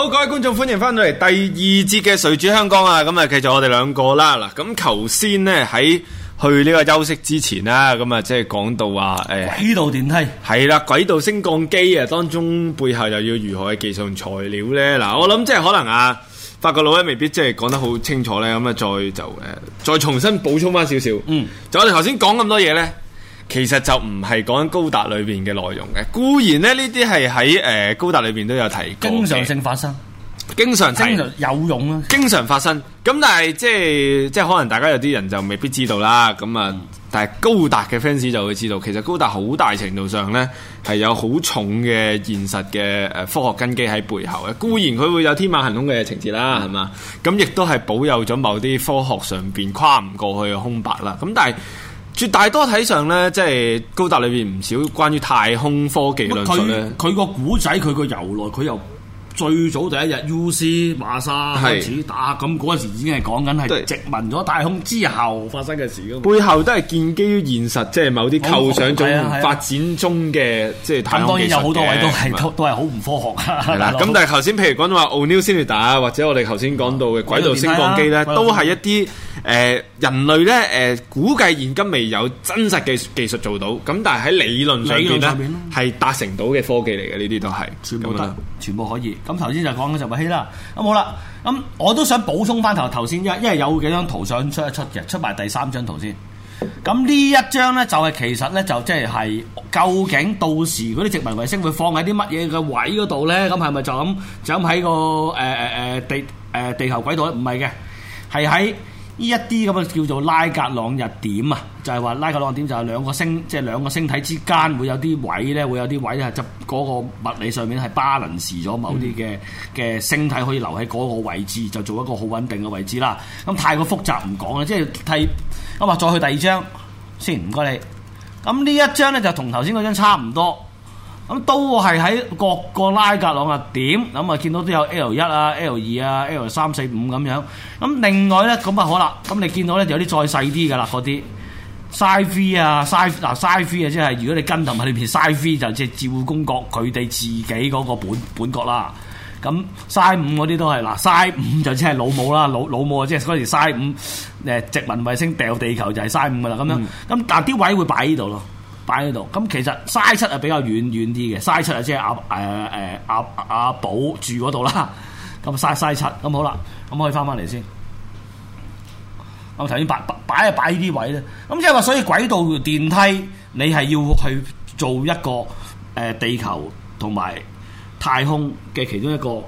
好，各位觀眾歡迎翻到嚟第二節嘅誰主香江啊！咁啊，繼、嗯、續、嗯、我哋兩個啦嗱。咁頭先咧喺去呢個休息之前啦，咁啊，即係講到話誒，呃、軌道電梯係啦，軌道升降機啊，當中背後又要如何去技術材料咧？嗱，我諗即係可能啊，法國佬咧未必即係講得好清楚咧，咁啊，再就誒，再重新補充翻少少。嗯，就我哋頭先講咁多嘢咧。其實就唔係講高達裏邊嘅內容嘅，固然咧呢啲係喺誒高達裏邊都有提過，經常性發生，經常提經常有用啦、啊，經常發生。咁但係即係即係可能大家有啲人就未必知道啦，咁啊，嗯、但係高達嘅 fans 就會知道，其實高達好大程度上呢係有好重嘅現實嘅誒科學根基喺背後嘅。固然佢會有天馬行空嘅情節啦，係嘛，嗯，咁亦都係保有咗某啲科學上邊跨唔過去嘅空白啦。咁但係，絕大多數睇上咧，即係高達裏邊唔少關於太空科技論述咧，佢個古仔，佢個由來，佢由最早第一日 U.C. 馬沙開始打，咁嗰陣時已經係講緊係殖民咗太空之後發生嘅事咯。背後都係建基於現實，即係某啲構想中發展中嘅，即係太空、嗯嗯。當然有好多位都係、嗯、都都係好唔科學。咁但係頭先譬如講到話奧尼爾先嚟打，New、iter，或者我哋頭先講到嘅軌道升降機咧，啊啊、都係一啲誒。啊人類咧，誒、呃，估計現今未有真實嘅技術做到，咁但係喺理論上面咧，係達呢成到嘅科技嚟嘅，呢啲都係全部得，樣全部可以。咁、嗯、頭先就講咗就咪希啦，咁好啦，咁我都想補充翻頭頭先一，因為有幾張圖想出一出嘅，出埋第三張圖先。咁、嗯、呢一張咧就係、是、其實咧就即係，究竟到時嗰啲殖民衛星會放喺啲乜嘢嘅位嗰度咧？咁係咪就咁就咁喺個誒誒誒地誒地，地，地球軌道咧？唔係嘅，係喺。呢一啲咁嘅叫做拉格朗日點啊，就係、是、話拉格朗日點就係兩個星，即、就、係、是、兩個星體之間會有啲位咧，會有啲位啊，就嗰個物理上面係巴 a l 咗某啲嘅嘅星體可以留喺嗰個位置，就做一個好穩定嘅位置啦。咁太過複雜唔講啦，即係睇咁啊，再去第二張先，唔該你。咁呢一張咧就同頭先嗰張差唔多。咁都係喺各個拉格朗日點，咁啊見到都有 L 一啊、L 二啊、L 三四五咁樣。咁另外咧，咁啊好啦，咁你見到咧有啲再細啲嘅啦，嗰啲 Side 3啊、Side 嗱 Side 3啊，即係如果你跟頭喺裏邊 Side 3就即係照顧公國佢哋自己嗰個本本國啦。咁 Side 5嗰啲都係嗱 Side 5就即係老母啦，老老母啊即係嗰時 Side 5誒殖民衛星掉地球就係 Side 5嘅啦咁樣。咁但啲位會擺喺度咯。擺喺度，咁其實曬七係比較遠遠啲嘅，曬七啊即係阿誒誒阿阿寶住嗰度啦，咁曬曬七，咁好啦，咁可以翻翻嚟先，咁頭先擺擺擺，擺呢就呢啲位啦，咁即係話所以軌道電梯你係要去做一個誒、呃、地球同埋太空嘅其中一個。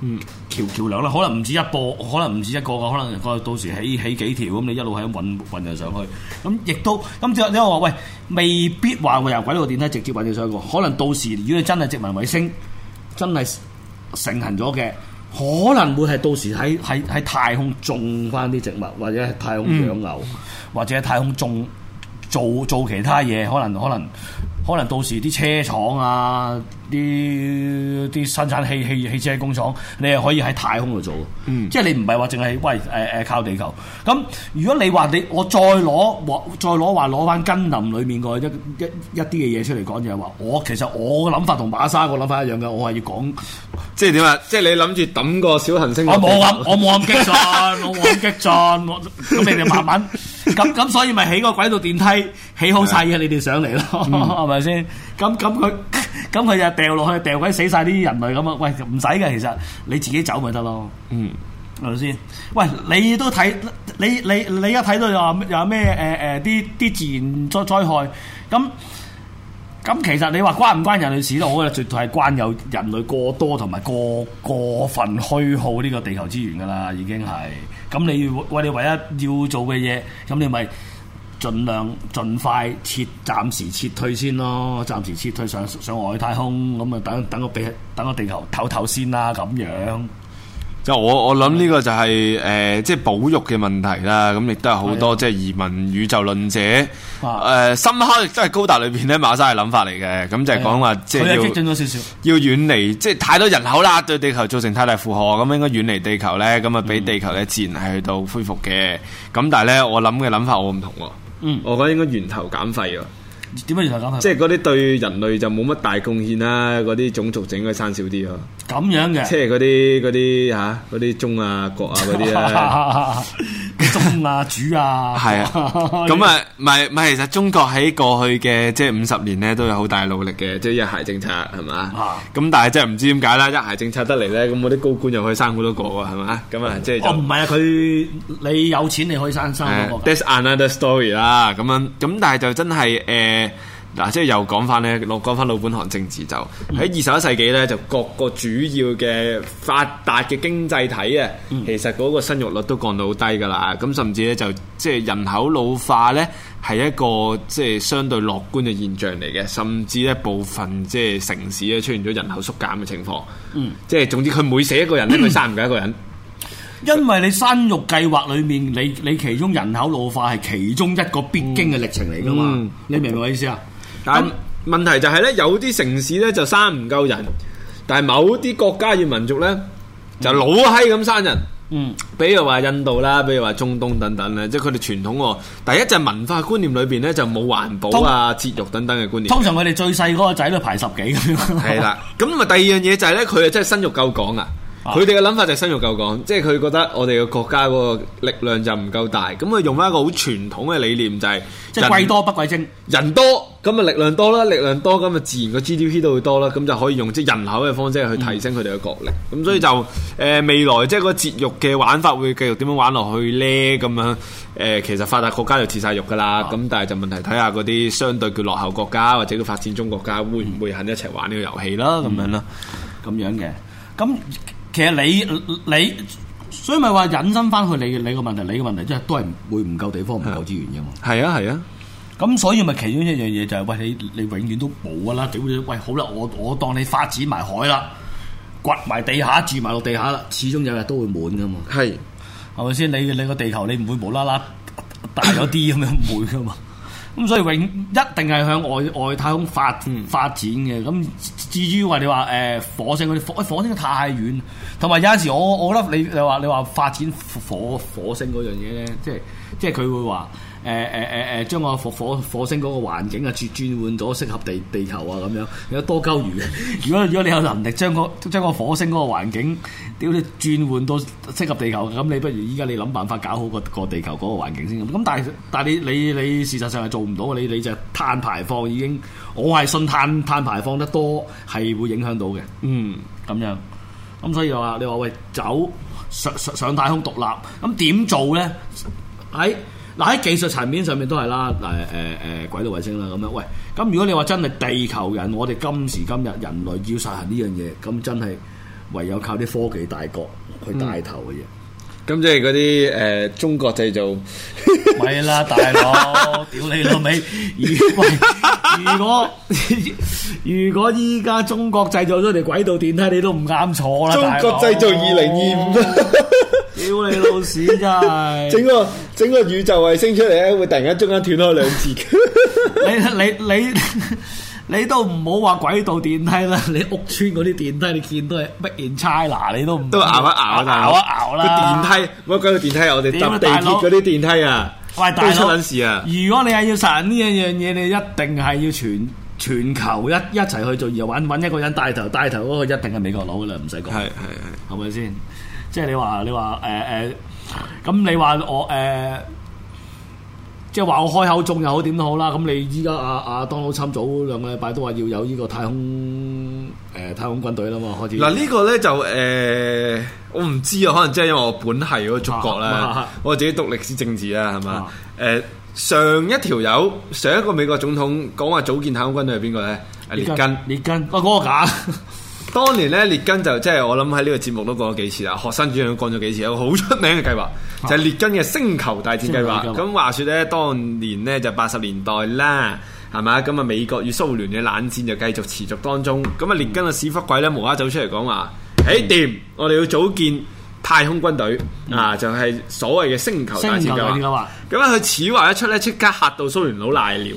嗯，橋橋梁啦，可能唔止一播，可能唔止一個嘅，可能到時起起幾條咁，你一路喺度運運人上去，咁亦都咁即係你話喂，未必話會由軌道電梯直接運你上去個，可能到時如果你真係殖民衞星真係成行咗嘅，可能會係到時喺喺喺太空種翻啲植物，或者係太空養牛，嗯、或者太空種。做做其他嘢，可能可能可能到時啲車廠啊，啲啲生產汽汽汽車工廠，你係可以喺太空度做，嗯即，即係你唔係話淨係喂誒誒、呃呃、靠地球。咁如果你話你我再攞話再攞話攞翻根林裏面個一一一啲嘅嘢出嚟講，就係、是、話我其實我嘅諗法同馬沙嘅諗法一樣噶，我係要講，即係點啊？即係你諗住抌個小行星我冇咁，我冇咁激進，我冇咁激進，咁你哋慢慢。咁咁 所以咪起個軌道電梯，起好晒嘢你哋上嚟咯，係咪先？咁咁佢咁佢就掉落去，掉鬼死晒啲人類咁啊！喂，唔使嘅，其實你自己走咪得咯，嗯，係咪先？喂，你都睇你你你而家睇到又又咩？誒誒，啲、呃、啲、呃、自然災災害咁。咁其實你話關唔關人類事都好，我覺得絕對係關有人類過多同埋過過分虛耗呢個地球資源㗎啦，已經係。咁你唯你唯一要做嘅嘢，咁你咪盡量盡快撤，暫時撤退先咯。暫時撤退上上外太空，咁啊等等個地等個地球唞唞先啦，咁樣。就我我諗呢個就係誒即係保育嘅問題啦，咁亦都係好多即係呀移民宇宙論者誒哇、呃、深刻亦都係高達裏邊咧馬沙嘅諗法嚟嘅。咁就講話呀即係要激進咗少少，要遠離即係太多人口啦，對地球造成太大負荷，咁應該遠離地球咧，咁啊俾地球咧、嗯、自然係去到恢復嘅，咁但係咧我諗嘅諗法我唔同、啊，嗯，我覺得應該源頭減廢。點解原來咁啊？即係嗰啲對人類就冇乜大貢獻啦，嗰啲種族就應該生少啲咯。咁樣嘅，即係嗰啲嗰啲吓，嗰啲中啊國啊嗰啲咧，中啊主啊。係啊，咁啊，唔係唔係，其實中國喺過去嘅即係五十年咧，都有好大努力嘅，即係一孩政策係嘛？啊！咁但係即係唔知點解咧，一孩政策得嚟咧，咁嗰啲高官就可以生好多個喎，係嘛？咁啊，即係哦，唔係啊，佢你有錢你可以生生多個。That's another story 啦，咁樣咁，但係就真係誒。嗱，即係又講翻咧，落講翻老本行政治就喺二十一世紀咧，就各個主要嘅發達嘅經濟體啊，其實嗰個生育率都降到好低噶啦，咁甚至咧就即係人口老化咧係一個即係相對樂觀嘅現象嚟嘅，甚至咧部分即係城市咧出現咗人口縮減嘅情況，即係總之佢每死一個人咧，佢生唔夠一個人。 因為你生育計劃裏面，你你其中人口老化係其中一個必經嘅歷程嚟噶嘛？嗯、你明唔明我意思啊？咁問題就係咧，有啲城市咧就生唔夠人，但係某啲國家與民族咧就老閪咁生人。嗯比，比如話印度啦，比如話中東等等啦，即係佢哋傳統。第一就係文化觀念裏邊咧就冇環保啊、節育通等等嘅觀念。通常佢哋最細嗰個仔都排十幾咁樣。係 啦，咁咪第二樣嘢就係、是、咧，佢啊真係生育夠講啊！佢哋嘅諗法就係生育夠講，即係佢覺得我哋嘅國家嗰個力量就唔夠大，咁佢用翻一個好傳統嘅理念就係、是、即係貴多不貴精，人多咁啊力量多啦，力量多咁啊自然個 GDP 都會多啦，咁就可以用即係人口嘅方式去提升佢哋嘅國力。咁、嗯、所以就誒、呃、未來即係個節育嘅玩法會繼續點樣玩落去呢？咁樣誒、呃、其實發達國家就節晒育噶啦，咁、嗯、但係就問題睇下嗰啲相對叫落後國家或者叫發展中國家會唔會肯一齊玩呢個遊戲啦？咁、嗯、樣啦，咁樣嘅咁。其實你你所以咪話引申翻去你你個問題，你個問題即係都係會唔夠地方，唔夠資源嘅嘛。係啊係啊，咁、啊、所以咪其中一樣嘢就係、是、喂你你永遠都冇噶啦，屌！喂好啦，我我當你發展埋海啦，掘埋地下住埋落地下啦，始終有日都會滿噶嘛。係係咪先？你你個地球你唔會無啦啦大咗啲咁樣，唔會噶嘛。咁所以永一定係向外外太空發發展嘅，咁至於話你話誒火星啲，火火星太遠，同埋有陣時我我覺得你你話你話發展火火星嗰樣嘢咧，即係即係佢會話。誒誒誒誒，將個、呃呃呃、火火，火星嗰個環境啊轉轉換咗適合地地球啊咁樣，有多鳩餘？如果如果你有能力將個將個火星嗰個環境，屌你轉換到適合地球，咁你不如依家你諗辦法搞好個個地球嗰個環境先咁。但係但係你你你事實上係做唔到，你你就碳排放已經，我係信碳碳排放得多係會影響到嘅。嗯，咁樣。咁所以話你話喂，走上上太空獨立，咁點做咧？喺、哎嗱，喺技術層面上面都係啦，誒誒誒，軌道衛星啦咁樣。喂，咁如果你話真係地球人，我哋今時今日人類要實行呢樣嘢，咁真係唯有靠啲科技大國去帶頭嘅嘢。咁、嗯、即係嗰啲誒中國製造，咪啦大佬， 屌你老味。如果如果如果依家中國製造咗條軌道電梯，你都唔啱坐啦，中國製造二零二五。屌你老屎真係！整個整個宇宙衛星出嚟咧，會突然間中間斷開兩次嘅。你你你你都唔好話軌道電梯啦，你屋村嗰啲電梯，你見到係 made in China，你都唔都熬一熬啦，熬一熬啦。個電梯，我鬼個電梯，我哋搭地鐵嗰啲電梯啊，都出緊事啊！如果你係要神呢一樣嘢，你一定係要全全球一一齊去做，然後揾揾一個人帶頭帶頭嗰個，一定係美國佬啦，唔使講，係係係，係咪先？即係你話你話誒誒，咁、欸欸、你話我誒、欸，即係話我開口中又好點都好啦。咁你依家阿阿 Donald Trump 早兩個禮拜都話要有呢個太空誒、欸、太空軍隊啦嘛，開始、啊。嗱、這個、呢個咧就誒、欸，我唔知啊，可能即係因為我本係嗰個祖國啦，啊啊啊、我自己讀歷史政治啦，係嘛？誒、啊啊，上一條友上一個美國總統講話組建太空軍隊係邊個咧？列根、列根，我講根。 當年咧，列根就即係我諗喺呢個節目都講咗幾次啦。學生主任都講咗幾次，有個好出名嘅計劃，啊、就係列根嘅星球大戰計劃。咁話說咧，當年咧就八十年代啦，係咪？咁啊？美國與蘇聯嘅冷戰就繼續持續當中。咁啊、嗯，列根嘅屎忽鬼咧，無啦啦走出嚟講話，哎掂、嗯欸，我哋要組建太空軍隊、嗯、啊！就係、是、所謂嘅星球大戰計劃。咁咧，佢此話一出咧，即刻嚇到蘇聯佬瀨尿。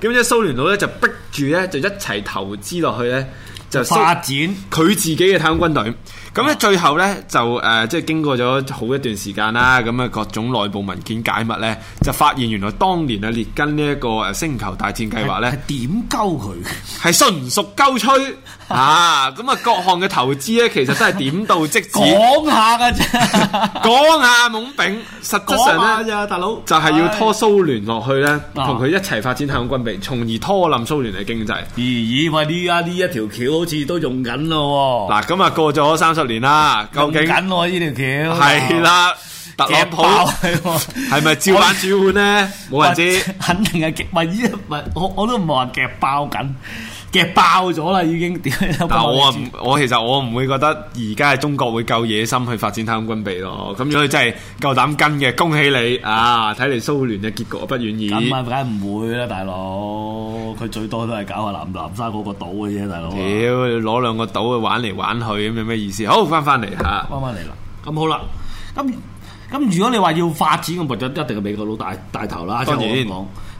咁即係蘇聯佬咧，嗯、記記就逼住咧，就一齊投資落去咧。就發展佢自己嘅太空軍隊，咁咧、哦、最後咧就誒、呃，即係經過咗好一段時間啦，咁啊各種內部文件解密咧，就發現原來當年啊列根呢一個誒星球大戰計劃咧係點鳩佢，係純屬鳩吹啊！咁啊各項嘅投資咧，其實都係點到即止。 講下噶啫，講下懵丙。實際上咧，大佬完就係要拖蘇聯落去咧，同佢、哎、一齊發展太空軍備，從而拖冧蘇聯嘅經濟。咦咦，為呢家呢一條橋？好似都用緊咯、哦，嗱、啊，今日過咗三十年啦，究竟用緊喎呢條橋？係啦，夾爆係咪照板煮碗咧？冇人知，肯定係極，唔係唔係我我都唔話夾爆緊。夾爆咗啦，已經點解？但係我啊，我其實我唔會覺得而家係中國會夠野心去發展太空軍備咯。咁所以真係夠膽跟嘅，恭喜你啊！睇嚟蘇聯嘅結局不遠矣。咁啊，梗係唔會啦，大佬。佢最多都係搞下南南沙嗰個島嘅啫，大佬。屌，攞兩個島去玩嚟玩去，咁有咩意思？好，翻翻嚟吓。翻翻嚟啦。咁好啦，咁咁如果你話要發展個目的，一定係美國佬帶帶頭啦。當然。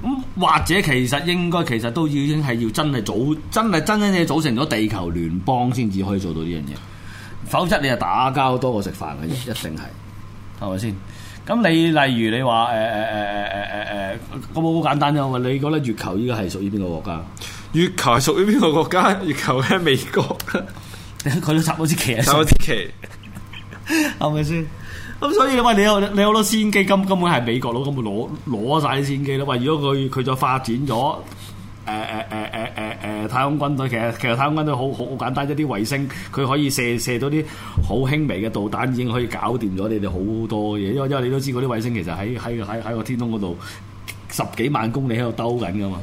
咁或者其實應該其實都已經係要真係組真係真真正正組成咗地球聯邦先至可以做到呢樣嘢，否則你係打交多過食飯嘅，一定係，係咪先？咁你例如你話誒誒誒誒誒誒誒，咁好簡單啫嘛！你覺得月球依家係屬於邊個國家？月球係屬於邊個國家？月球喺美國。佢都插到支旗，啊，啲旗係咪先？咁所以你話你有你有好多先機，根本根本係美國佬咁本攞攞曬啲先機咯。喂，如果佢佢再發展咗誒誒誒誒誒誒太空軍隊，其實其實太空軍隊好好簡單，一啲衛星佢可以射射到啲好輕微嘅導彈，已經可以搞掂咗你哋好多嘢。因為因為你都知嗰啲衛星其實喺喺喺喺個天空嗰度十幾萬公里喺度兜緊㗎嘛。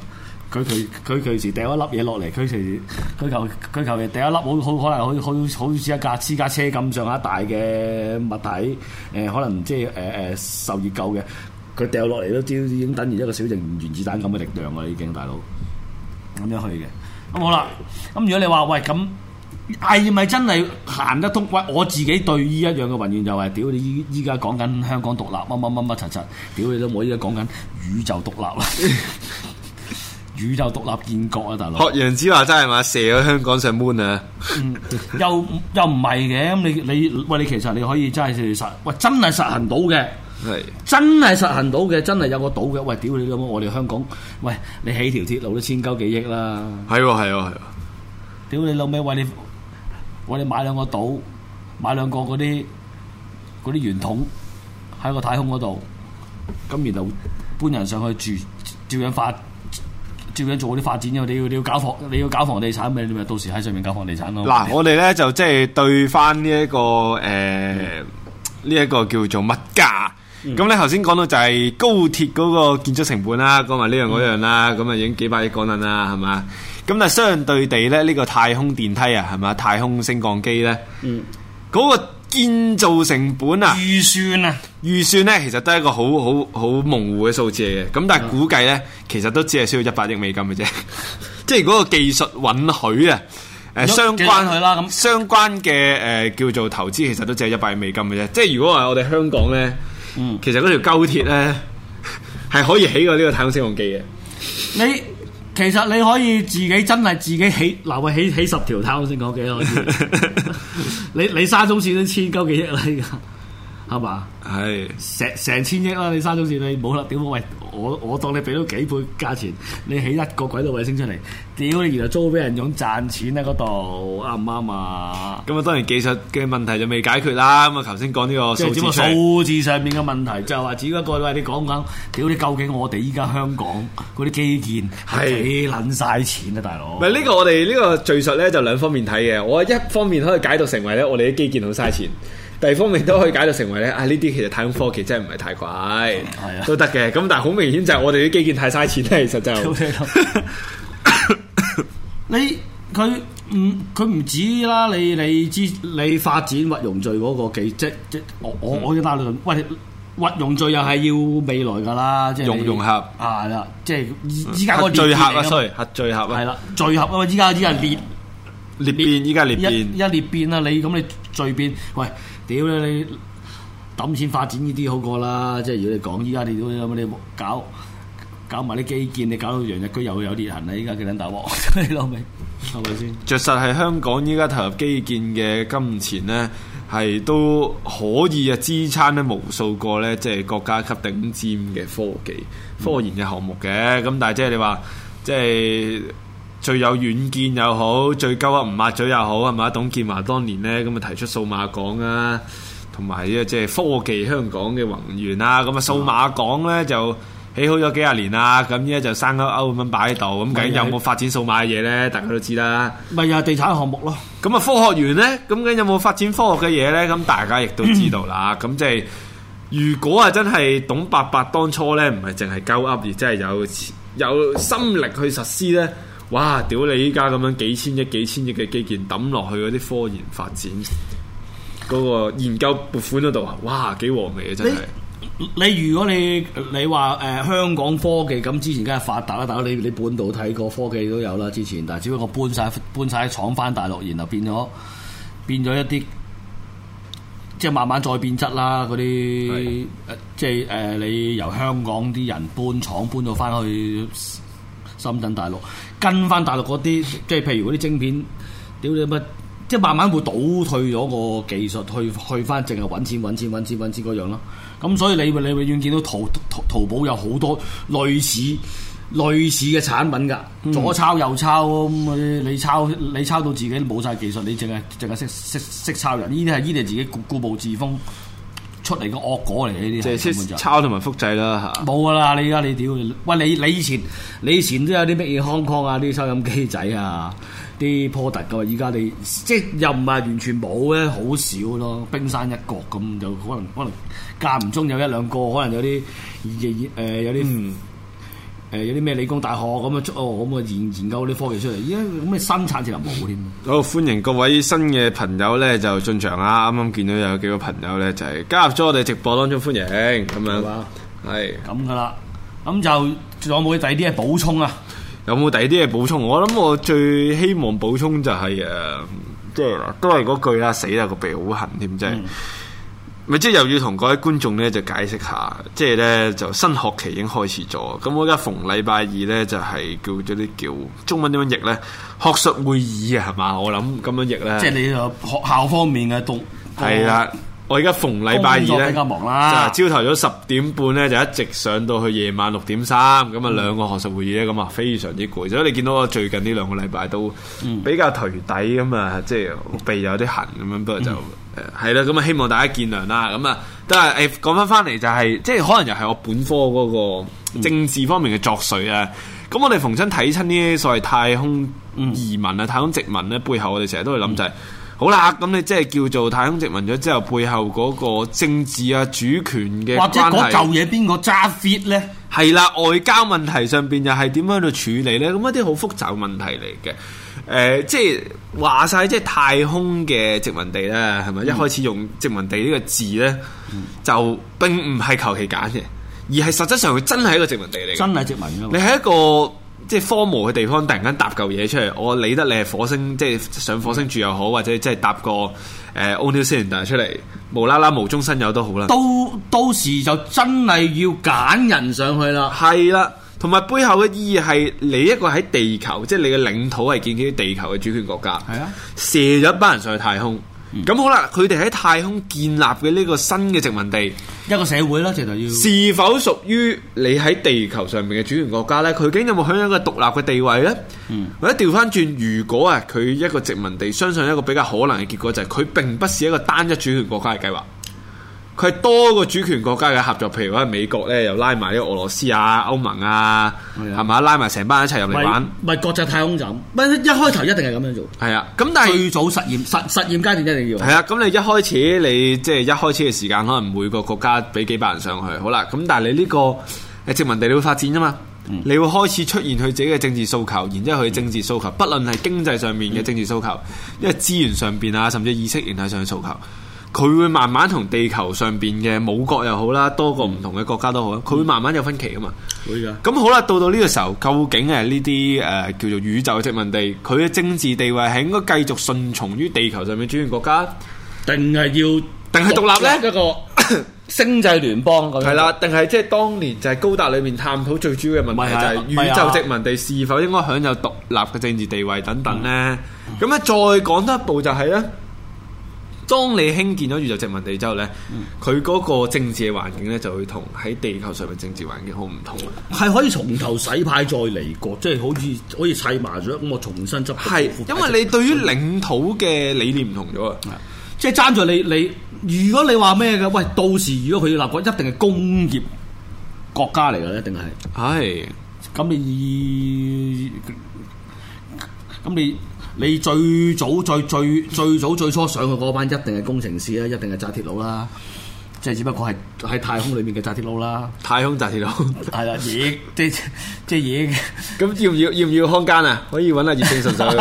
佢佢佢隨時掉一粒嘢落嚟，佢隨佢求佢求其掉一粒，好好可能好好好似一架私家車咁上下大嘅物體，誒、呃、可能即係誒誒受熱夠嘅，佢掉落嚟都已經等於一個小型原子彈咁嘅力量啦，已經大佬咁樣去嘅？咁好啦，咁、嗯、如果你話喂咁係咪真係行得通？喂，我自己對依一樣嘅運念就係屌你依依家講緊香港獨立乜乜乜乜柒柒，屌你都我依家講緊宇宙獨立啦！ 宇宙獨立建國啊！大佬，學楊子華真係嘛？射喺香港上 moon 啊、 嗯！又又唔係嘅咁，你你喂你其實你可以真係實喂真係實行到嘅，係的真係實行到嘅，真係有個島嘅。喂，屌你老母！我哋香港，喂你起條鐵路都千鳩幾億啦！係喎係喎係喎！屌你老尾！喂你，喂你買兩個島，買兩個嗰啲嗰啲圓筒喺個太空嗰度，咁然後搬人上去住，照樣發。照樣做啲發展啫，你要你要搞房你要搞房地產咪你咪到時喺上面搞房地產咯。嗱喇，我哋咧就即係對翻呢一個誒呢一個叫做物價。咁咧頭先講到就係高鐵嗰個建築成本啦，講埋呢樣嗰樣啦，咁啊、嗯、已經幾百億港銀啦，係嘛？咁、嗯、但係相對地咧，呢、呢個太空電梯啊，係嘛，太空升降機咧，嗰、嗰個。建造成本啊，預算啊，預算咧，其實都係一個好好好模糊嘅數字嚟嘅。咁但係估計咧，其實都只係需要一百億美金嘅啫。 即係如果個技術允許啊，誒、呃，相關佢啦，咁相關嘅誒、呃、叫做投資，其實都只係一百億美金嘅啫。即係如果話我哋香港咧，嗯、其實嗰條高鐵咧係可以起過呢個太空升降機嘅。你？其實你可以自己真係自己起。嗱，我起起十條攤先講幾多 你你沙中線都千鳩幾億啦依家。係嘛？係成成千億啊！你三宗事你冇啦？點好？喂，我我當你俾咗幾倍價錢，你起一個軌道衛星出嚟？屌你！而家租俾人用賺錢喺嗰度啱唔啱啊？咁啊、嗯，當然技術嘅問題就未解決啦。咁、嗯、啊，頭先講呢個數字，字上面嘅問題、就是，就係話只一個喂，你講講屌你？究竟我哋依家香港嗰啲基建係捻晒錢啊，是大佬哥？唔呢、這個我哋、這個、呢個敘述咧，就兩方面睇嘅。我一方面可以解讀成為咧，我哋啲基建好嘥錢。嗯第二方面都可以解讀成為咧，啊呢啲其實太空科技真係唔係太貴，都得嘅。咁但係好明顯就係我哋啲基建太嘥錢咧，其實就你佢唔佢唔止啦。你你之你發展核融聚嗰個技職，即我我我要打論。喂，核融聚又係要未來㗎啦，即係融融合啊，係啦，即係依家嗰個聚合啊衰核聚合啊，係啦，聚合啊嘛。依家依家係裂裂變，依家裂變一裂變啊，你咁你聚變喂。屌咧！你抌錢發展呢啲好過啦，即係如果你講依家你都咁你搞搞埋啲基建，你搞到楊日居又會有啲人咧，依家佢想打鑊，係 咪 吧？係咪先？着實係香港依家投入基建嘅金錢咧，係都可以啊，支撐咧無數個咧，即係國家級頂尖嘅科技、嗯、科研嘅項目嘅。咁但係即係你話即係。即係最有遠見又好，最鳩噏唔抹嘴又好，係咪？董建華當年呢，咁、嗯、啊，提出數碼港啊，同埋咧即係科技香港嘅宏源啊。咁、嗯、啊，數碼港呢，就起好咗幾廿年啦。咁依家就生勾勾咁擺喺度，咁究竟有冇發展數碼嘅嘢呢？大家都知啦、啊，咪又、啊、地產項目咯。咁啊，科學園呢？咁梗有冇發展科學嘅嘢呢？咁大家亦都知道啦。咁即係如果啊，真係董伯伯當初呢，唔係淨係鳩噏，而真係有有心力去實施呢。哇！屌你依家咁樣幾千億、幾千億嘅基建抌落去嗰啲科研發展嗰、嗰個研究撥款度啊！哇，幾和味啊！你真係的你，你如果你你話誒、呃、香港科技咁之前梗係發達啦，大佬你你半導體睇過科技都有啦，之前但係只不過搬晒搬曬廠翻大陸，然後變咗變咗一啲即係慢慢再變質啦，嗰啲即係誒、呃、你由香港啲人搬廠搬到翻去。深圳大陸跟翻大陸嗰啲，即係譬如嗰啲晶片，屌你乜，即係慢慢會倒退咗個技術，去去翻，淨係揾錢揾錢揾錢揾錢嗰樣咯。咁所以你會你會見到淘淘寶有好多類似類似嘅產品㗎，左抄右抄，咁你抄你抄，你抄到自己冇晒技術，你淨係淨係識識識抄人，呢啲係呢啲係自己固步自封。出嚟個惡果嚟呢啲，即係抄同埋複製啦吓。冇㗎啦，你而家你屌，喂，你你以前你以前都有啲乜嘢康康啊，啲收音機仔啊，啲 port 噶喎，而家你即係又唔係完全冇嘅，好少咯，冰山一角咁，就可能可能間唔中有一兩個，可能有啲亦、呃、有啲嗯。誒、呃，有啲咩理工大學咁啊？出哦，可唔可以研研究啲科技出嚟？而家咁你生產自然冇添。好、哦、歡迎各位新嘅朋友咧，就進場啦。啱啱見到有幾個朋友咧，就係、是、加入咗我哋直播當中，歡迎咁吧是樣係咁噶啦。咁就仲有冇第二啲嘢補充啊？有冇第二啲嘢補充？我諗我最希望補充就係、是、誒、即、啊、係、就是、都係嗰句啦、啊，死啦、那個鼻好痕添，真、啊、係。嗯咪即係又要同各位觀眾咧就解釋下，即係咧就新學期已經開始咗。咁我而家逢禮拜二咧就係、是、叫咗啲叫中文點樣譯咧學術會議啊，係嘛？我諗咁樣譯咧，即係你個學校方面嘅讀係啊！我而家逢禮拜二咧，比較忙啦，朝頭早十點半咧就一直上到去夜晚六點三，咁啊兩個學術會議咧咁啊，嗯、非常之攰。所以你見到我最近呢兩個禮拜都比較頹底咁啊，嗯、即係鼻有啲痕咁樣，不過、嗯、就～、嗯係啦，咁啊希望大家見諒啦。咁啊，都係誒，講翻翻嚟就係、是，即係可能又係我本科嗰個政治方面嘅作祟啊。咁、嗯、我哋逢親睇親啲所謂太空移民啊、嗯、太空殖民咧，背後我哋成日都會諗就係、是，嗯、好啦，咁你即係叫做太空殖民咗之後，背後嗰個政治啊、主權嘅或者嗰嚿嘢邊個揸 fit 咧？係啦，外交問題上邊又係點樣去處理咧？咁一啲好複雜嘅問題嚟嘅。誒，即係話晒即係太空嘅殖民地啦，係咪？一開始用殖民地呢個字咧，就並唔係求其揀嘅，而係實質上佢真係一個殖民地嚟。真係殖民㗎嘛？你喺一個即係荒蕪嘅地方，突然間搭嚿嘢出嚟，我理得你係火星，即係上火星住又好，或者即係搭個誒奧尼爾圓筒出嚟，無啦啦無中生有都好啦。到到時就真係要揀人上去啦。係啦。同埋背後嘅意義係你一個喺地球，即係你嘅領土係建起地球嘅主權國家。係啊，射咗一班人上去太空，咁、嗯、好啦，佢哋喺太空建立嘅呢個新嘅殖民地，一個社會咯，其實要是否屬於你喺地球上面嘅主權國家呢？佢究竟有冇享有一個獨立嘅地位咧？嗯、或者調翻轉，如果啊，佢一個殖民地，相信一個比較可能嘅結果就係佢並不是一個單一主權國家嘅計劃。佢多個主權國家嘅合作，譬如話美國咧又拉埋啲俄羅斯啊、歐盟啊，係咪、啊？拉埋成班一齊入嚟玩，唔係國際太空站，唔係、啊、是一開頭一定係咁樣做。係啊，咁但係最早實驗實實驗階段一定要係啊。咁你一開始你即係、就是、一開始嘅時間，可能每個國家俾幾百人上去，好啦。咁但係你呢個誒殖民地你會發展啊嘛，嗯、你會開始出現佢自己嘅政治訴求，然之後佢政治訴求，不論係經濟上面嘅政治訴求，嗯、因為資源上邊啊，甚至意識形態上嘅訴求。佢會慢慢同地球上邊嘅母國又好啦，多個唔同嘅國家都好啦，佢會慢慢有分歧噶嘛？嗯、會噶。咁好啦，到到呢個時候，究竟誒呢啲誒叫做宇宙殖民地，佢嘅政治地位係應該繼續順從於地球上邊主權國家，定係要定係獨立呢？嗰個 星際聯邦，係啦，定係即係當年就係高達裏面探討最主要嘅問題就係宇宙殖民地是否應該享有獨立嘅政治地位等等呢？咁咧，嗯、再講多一步就係咧。當你興建咗宇宙殖民地之後咧，佢嗰、嗯、個政治嘅環境咧就會同喺地球上面政治環境好唔同。係可以從頭洗牌再嚟過， 即係好似可以砌麻雀，咁我重新執。係，因為你對於領土嘅理念唔同咗啊，即、就、係、是、爭在你你，你，如果你話咩嘅，喂，到時如果佢要立國，一定係工業國家嚟嘅，一定係。係，咁你，咁你。你最早最最最早最初上嘅嗰班一定係工程師啦，一定係紮鐵佬啦，即係只不過係喺太空裏面嘅紮鐵佬啦。太空紮鐵佬，係啦，嘢即即嘢。咁、即係即係、要唔要要唔要看監啊？可以揾阿葉正淳上去。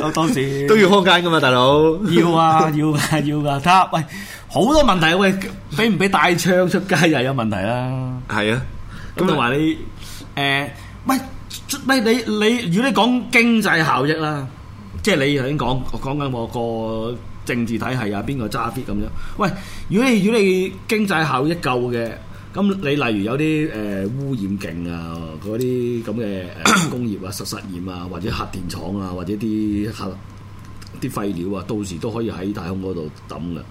到 當時 都要看監噶嘛，大佬、 啊。要啊，要啊，要噶。插，喂，好多問題。喂，俾唔俾帶槍出街又有問題啦。係啊，咁你話你誒，喂。喂喂，你你如果你講經濟效益啦，即係你頭先講我講緊我個政治體系啊，邊個揸啲咁樣？喂，如果你如果你經濟效益夠嘅，咁你例如有啲誒、呃、污染勁啊，嗰啲咁嘅工業啊、實實驗啊，或者核電廠啊，或者啲核啲廢料啊，到時都可以喺太空嗰度抌啦。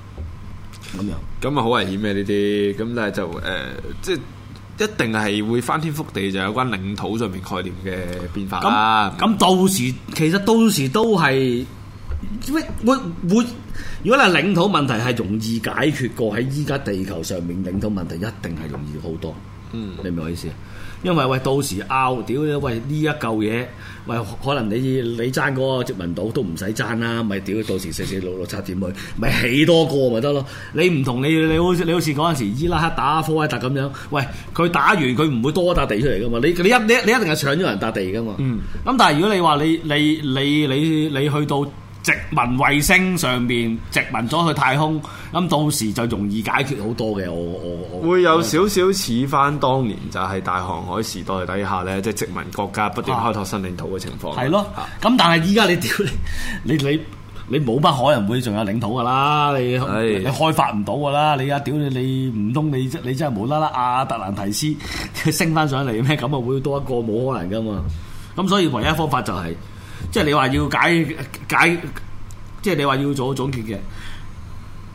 咁樣咁啊，好危險嘅呢啲，咁但係就誒、呃，即係。一定係會翻天覆地，就有關領土上面概念嘅變化咁到時其實到時都係會會如果你係領土問題係容易解決過喺依家地球上面領土問題，一定係容易好多。嗯，明唔明我意思？因為喂，到時拗屌喂呢一嚿嘢，喂，喂可能你你爭嗰個殖民島都唔使爭啦，咪屌到時四四六六七點去，咪起多個咪得咯。你唔同你你好你好似嗰陣時伊拉克打科威特咁樣，喂佢打完佢唔會多一笪地出嚟噶嘛？你你一你你一定係搶咗人笪地噶嘛？嗯。咁但係如果你話你你你你你，你去到。殖民衛星上面，殖民咗去太空，咁到時就容易解決好多嘅。我我我會有少少似翻當年就係大航海時代底下咧，即係殖民國家不斷開拓新領土嘅情況。係、啊、咯，咁、啊、但係依家你屌你你你你冇乜可能會仲有領土噶啦，你是的 你開發唔到噶啦。你啊屌你你唔通你即你，你真係冇啦啦亞特蘭提斯升翻上嚟咩？咁啊會多一個冇可能噶嘛。咁所以唯一方法就係、是。即係你話要解解，即係你話要做好總結嘅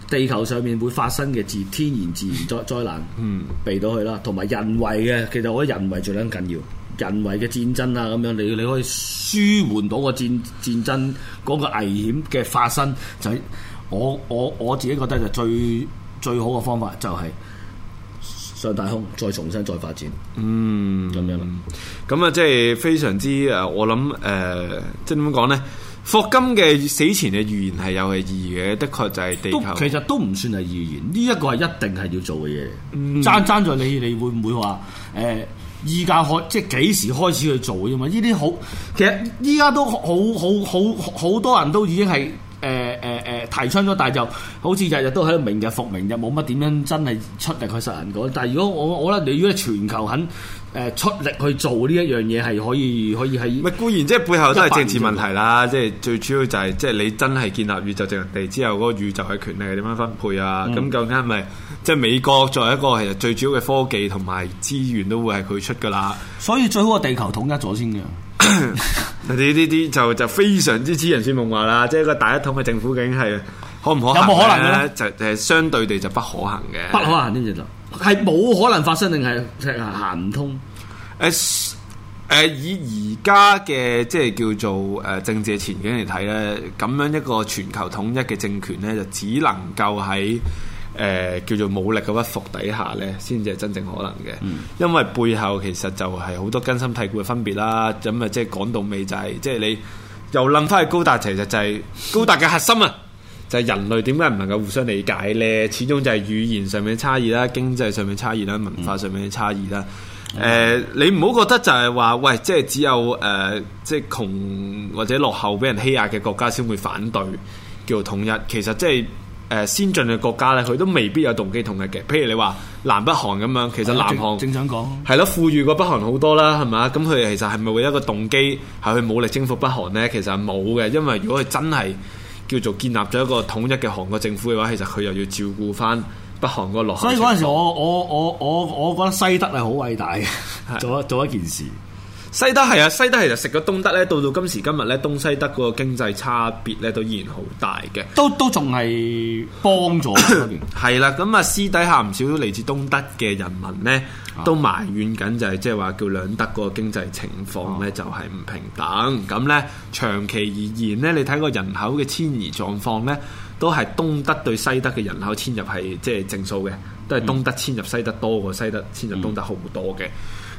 地球上面會發生嘅自天然自然災難，嗯，避到佢啦。同埋人為嘅，其實我覺得人為最緊緊要，人為嘅戰爭啊咁樣，你你可以舒緩到個戰戰爭嗰個危險嘅發生，就係、是、我我我自己覺得就最最好嘅方法就係、是。再太空，再重新再發展，嗯，咁樣，咁啊、嗯，即係非常之誒，我諗誒、呃，即點講咧？霍金嘅死前嘅預言係有嘅意義嘅，的確就係地球。其實都唔算係預言，呢、這、一個係一定係要做嘅嘢。爭爭在你，你會唔會話誒？依、呃、家開即幾時開始去做啫嘛？呢啲好，其實依家都好好好好多人都已經係。提出咗，但就好似日日都喺度明日復明日，冇乜點樣真係出力去實行過。但係如果我我覺得，你如果全球肯誒出力去做呢一樣嘢，係可以可以喺。咪固然即係背後都係政治問題啦，即係最主要就係即係你真係建立宇宙殖民地之後，嗰個宇宙嘅權力係點樣分配啊？咁究竟係咪即係美國作為一個其實最主要嘅科技同埋資源都會係佢出㗎啦？所以最好個地球統一咗先嘅。呢啲就就非常之痴人說夢話啦，即係一個大一統嘅政府可可，竟係可唔可有冇可能呢？就誒，相對地就不可行嘅，不可行呢？就係冇可能發生，定係行唔通？誒、呃、以而家嘅即係叫做誒政治嘅前景嚟睇呢，咁樣一個全球統一嘅政權呢，就只能夠喺。誒、呃、叫做武力嘅屈服底下呢，先至係真正可能嘅。嗯、因為背後其實就係好多根深蒂固嘅分別啦。咁、就、啊、是就是，即係講到尾就係，即係你又諗翻去高達，其實就係高達嘅核心啊，就係、是、人類點解唔能夠互相理解呢？始終就係語言上面嘅差異啦、經濟上面嘅差異啦、文化上面嘅差異啦。誒、嗯呃，你唔好覺得就係話，喂，即、就、係、是、只有誒，即、呃、係、就是、窮或者落後俾人欺壓嘅國家先會反對叫做統一。其實即、就、係、是。誒，先進嘅國家咧，佢都未必有動機統一嘅。譬如你話南北韓咁樣，其實南韓正想講係咯，富裕過北韓好多啦，係咪？咁佢其實係咪會有一個動機係去武力征服北韓呢？其實冇嘅，因為如果佢真係叫做建立咗一個統一嘅韓國政府嘅話，其實佢又要照顧翻北韓個落。所以嗰陣時我，我我我我我覺得西德係好偉大，的做一做一件事。西德係啊，西德其實食咗東德咧,到到今時今日咧，東西德嗰個經濟差別咧都依然好大嘅，都都仲係幫咗。係啦，咁 啊 私底下唔少嚟自東德嘅人民咧，都埋怨緊就係即係話叫兩德嗰個經濟情況咧就係、是、唔平等。咁咧 長期而言咧，你睇個人口嘅遷移狀況咧，都係東德對西德嘅人口遷入係即係正數嘅，都係東德遷入西德多過西德遷入東德好多嘅。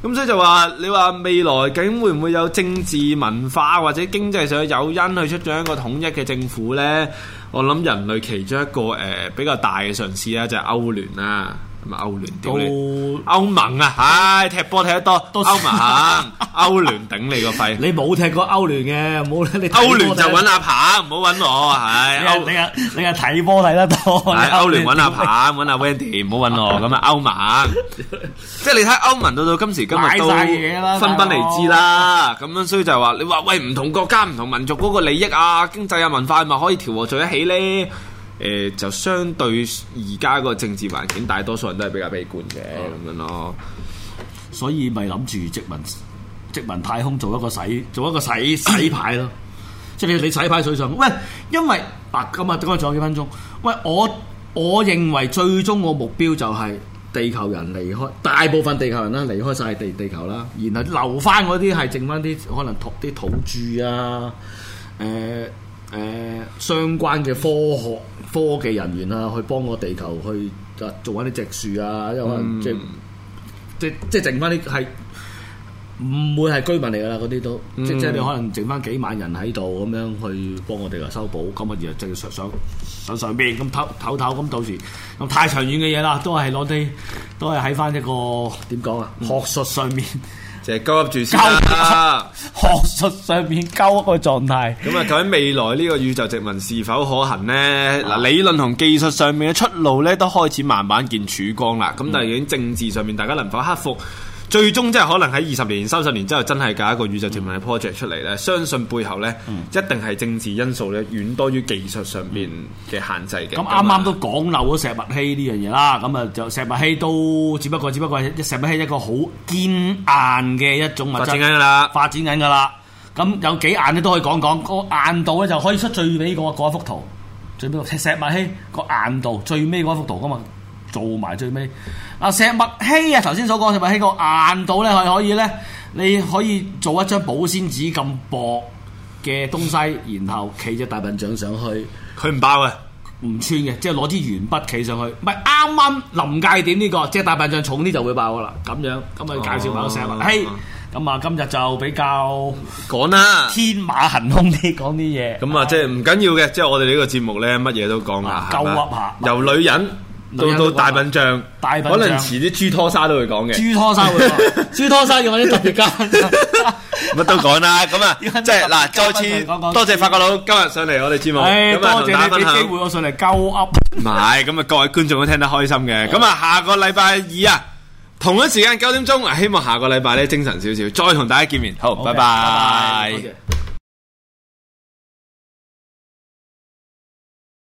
咁所以就話，你話未來究竟會唔會有政治文化或者經濟上嘅誘因去出咗一個統一嘅政府呢？我諗人類其中一個誒、呃、比較大嘅嘗試咧，就係歐聯啦、啊。咁歐聯屌你，歐盟啊！唉，踢波踢得多，歐盟歐聯頂你個肺。你冇踢過歐聯嘅，冇你。歐聯就搵阿鵬，唔好搵我。唉，你啊，你啊，睇波睇得多。係歐聯搵阿鵬，搵阿 Wendy，唔好搵我。咁啊，歐盟，即係你睇歐盟到到今時今日都分崩離析啦。咁樣，所以就話你話喂，唔同國家唔同民族嗰個利益啊、經濟啊、文化，係咪可以調和在一起咧？誒、呃，就相對而家個政治環境，大多數人都係比較悲觀嘅咁、嗯、樣咯。所以咪諗住殖民殖民太空，做一個洗，做一個洗洗牌咯。即係你洗牌水上，喂，因為啊，咁啊，等我仲有幾分鐘。喂，我我認為最終我目標就係地球人離開，大部分地球人啦、啊，離開晒地地球啦，然後留翻嗰啲係剩翻啲可能土啲土著啊，誒、呃。誒、呃、相關嘅科學科技人員啊，去幫個地球去、啊、做緊啲植樹啊，因為可能、嗯、即係即即淨翻啲係唔會係居民嚟㗎喇，嗰啲都、嗯、即即你可能剩翻幾萬人喺度咁樣去幫我地球修補，咁啊而係就要上上上上邊咁偷唞唞咁，到時咁太長遠嘅嘢啦，都係攞啲都係喺翻一個點講啊，嗯、學術上面。 就係勾住學術上面勾一個狀態。咁啊，究竟未來呢個宇宙殖民是否可行呢？嗱， 理論同技術上面嘅出路咧，都開始慢慢見曙光啦。咁、嗯、但係究竟政治上面，大家能否克服？最終即係可能喺二十年、三十年之後，真係搞一個宇宙殖民嘅 project 出嚟咧。嗯、相信背後咧，一定係政治因素咧遠多於技術上邊嘅限制嘅。咁啱啱都講漏咗石墨烯呢樣嘢啦。咁啊，就石墨烯都只不過，只不過石墨烯一個好堅硬嘅一種物質啦。發展緊㗎啦，發展緊㗎啦。咁有幾硬咧都可以講講。個硬度咧就可以出最尾嗰一幅圖，最尾石墨烯個硬度最尾嗰幅圖㗎嘛，做埋最尾。啊！石墨烯啊，頭先所講石墨烯個硬度咧係可以咧，你可以做一張保鮮紙咁薄嘅東西，然後企隻大笨象上去，佢唔爆呀，唔穿嘅，即係攞支鉛筆企上去，唔係啱啱臨界點呢個，即係大笨象重啲就會爆噶啦。咁樣咁咪介紹埋石墨烯。咁啊，今日就比較講啦，天馬行空啲講啲嘢。咁啊，即係唔緊要嘅，即係我哋呢個節目咧，乜嘢都講啦，夠噏下由女人。到到大笨象，可能遲啲豬拖沙都會講嘅。豬拖沙會，豬拖沙用揾啲特別嘉賓乜都講啦。咁啊，即係嗱，再次多謝法國佬今日上嚟我哋節目，咁啊，多謝俾機會我上嚟勾 up。唔係，咁啊，各位觀眾都聽得開心嘅。咁啊，下個禮拜二啊，同一時間九點鐘，希望下個禮拜咧精神少少，再同大家見面。好，拜拜。